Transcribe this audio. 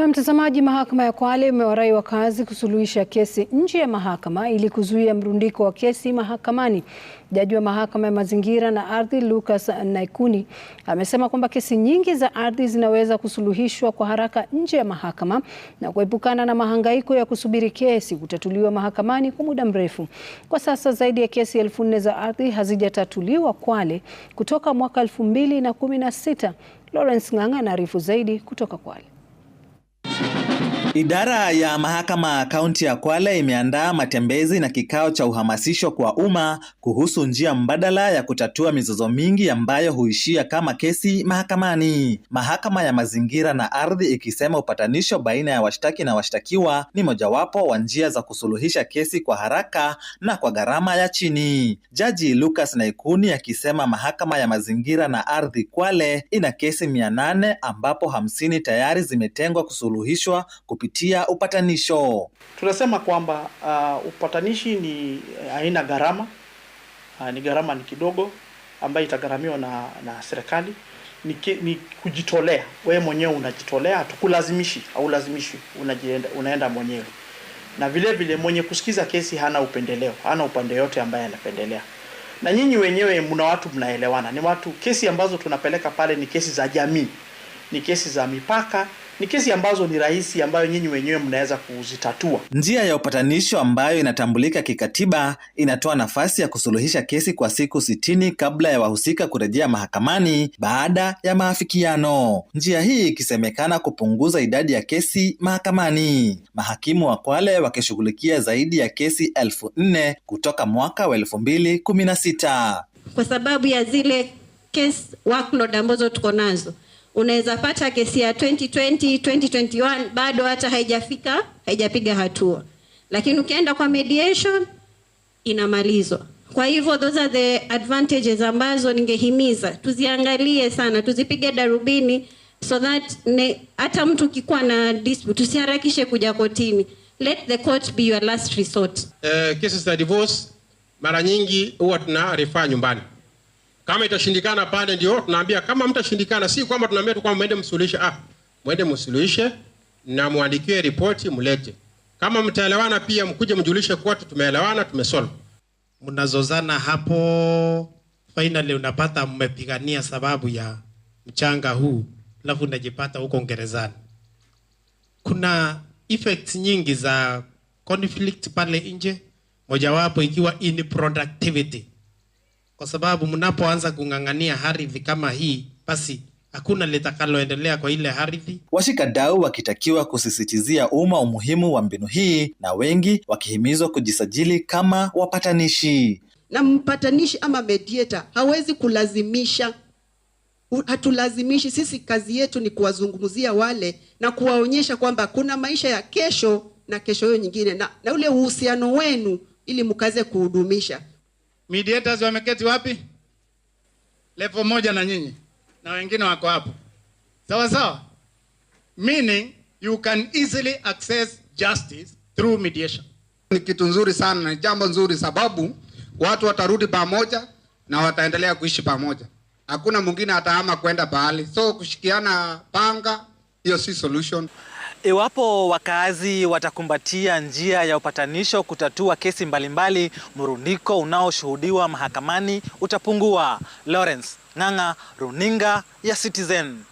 Na mtazamaji, mahakama ya Kwale imewarai wakazi kusuluhisha kesi nje ya mahakama ili kuzuia mrundiko wa kesi mahakamani. Jaji wa mahakama ya mazingira na ardhi Lucas Naikuni amesema kwamba kesi nyingi za ardhi zinaweza kusuluhishwa kwa haraka nje ya mahakama na kuepukana na mahangaiko ya kusubiri kesi kutatuliwa mahakamani kwa muda mrefu. Kwa sasa zaidi ya kesi elfu nne za ardhi hazijatatuliwa Kwale kutoka mwaka elfu mbili na kumi na sita. Lawrence Ng'ang'a anaarifu zaidi kutoka Kwale. Idara ya mahakama kaunti ya Kwale imeandaa matembezi na kikao cha uhamasisho kwa umma kuhusu njia mbadala ya kutatua mizozo mingi ambayo huishia kama kesi mahakamani. Mahakama ya mazingira na ardhi ikisema upatanisho baina ya washtaki na washtakiwa ni mojawapo wa njia za kusuluhisha kesi kwa haraka na kwa gharama ya chini. Jaji Lucas Naikuni akisema mahakama ya mazingira na ardhi Kwale ina kesi mia nane ambapo hamsini tayari zimetengwa kusuluhisha kusuluhishwa kupitia upatanisho. Tunasema kwamba uh, upatanishi ni eh, haina gharama uh, ni gharama ni kidogo ambayo itagharamiwa na, na serikali ni, ni kujitolea wewe mwenyewe unajitolea, tukulazimishi au lazimishi, unajienda unaenda mwenyewe. Na vile vile mwenye kusikiza kesi hana upendeleo, hana upande yote ambaye anapendelea. Na nyinyi wenyewe mna watu mnaelewana, ni watu kesi ambazo tunapeleka pale ni kesi za jamii ni kesi za mipaka, ni kesi ambazo ni rahisi, ambayo nyinyi wenyewe mnaweza kuzitatua. Njia ya upatanisho ambayo inatambulika kikatiba inatoa nafasi ya kusuluhisha kesi kwa siku sitini kabla ya wahusika kurejea mahakamani baada ya maafikiano, njia hii ikisemekana kupunguza idadi ya kesi mahakamani. Mahakimu wa Kwale wakishughulikia zaidi ya kesi elfu nne kutoka mwaka wa elfu mbili kumi na sita kwa sababu ya zile case workload ambazo tuko nazo unaweza pata kesi ya 2020 2021 bado hata haijafika haijapiga hatua, lakini ukienda kwa mediation inamalizwa. Kwa hivyo those are the advantages ambazo ningehimiza tuziangalie sana, tuzipige darubini so that ne, hata mtu ukikuwa na dispute usiharakishe kuja kotini. Let the court be your last resort. Uh, cases za divorce mara nyingi huwa tuna refer nyumbani. Kama itashindikana pale, ndio tunaambia kama mtashindikana, si kwamba tunaambia tu kwamba mwende msuluhishe. Ah, mwende msuluhishe na muandikie ripoti mlete. Kama mtaelewana, pia mkuje mjulishe kwetu, tumeelewana, tumesolve. Mnazozana hapo, finally unapata mmepigania sababu ya mchanga huu, alafu unajipata huko ngerezani. Kuna effects nyingi za conflict pale nje, mojawapo ikiwa in productivity kwa sababu mnapoanza kung'ang'ania ardhi kama hii, basi hakuna litakaloendelea kwa ile ardhi. Washikadau wakitakiwa kusisitizia umma umuhimu wa mbinu hii, na wengi wakihimizwa kujisajili kama wapatanishi. Na mpatanishi ama mediator hawezi kulazimisha, hatulazimishi sisi. Kazi yetu ni kuwazungumzia wale na kuwaonyesha kwamba kuna maisha ya kesho na kesho hiyo nyingine, na, na ule uhusiano wenu ili mkaze kuhudumisha Mediators wameketi wapi? Level moja na nyinyi na wengine wako hapo, sawa sawa, meaning you can easily access justice through mediation. Ni kitu nzuri sana na jambo nzuri, sababu watu watarudi pamoja na wataendelea kuishi pamoja, hakuna mwingine atahama kwenda pahali So kushikiana panga, hiyo si solution. Iwapo wakazi watakumbatia njia ya upatanisho kutatua kesi mbalimbali, mrundiko unaoshuhudiwa mahakamani utapungua. Lawrence Ng'ang'a, Runinga ya Citizen.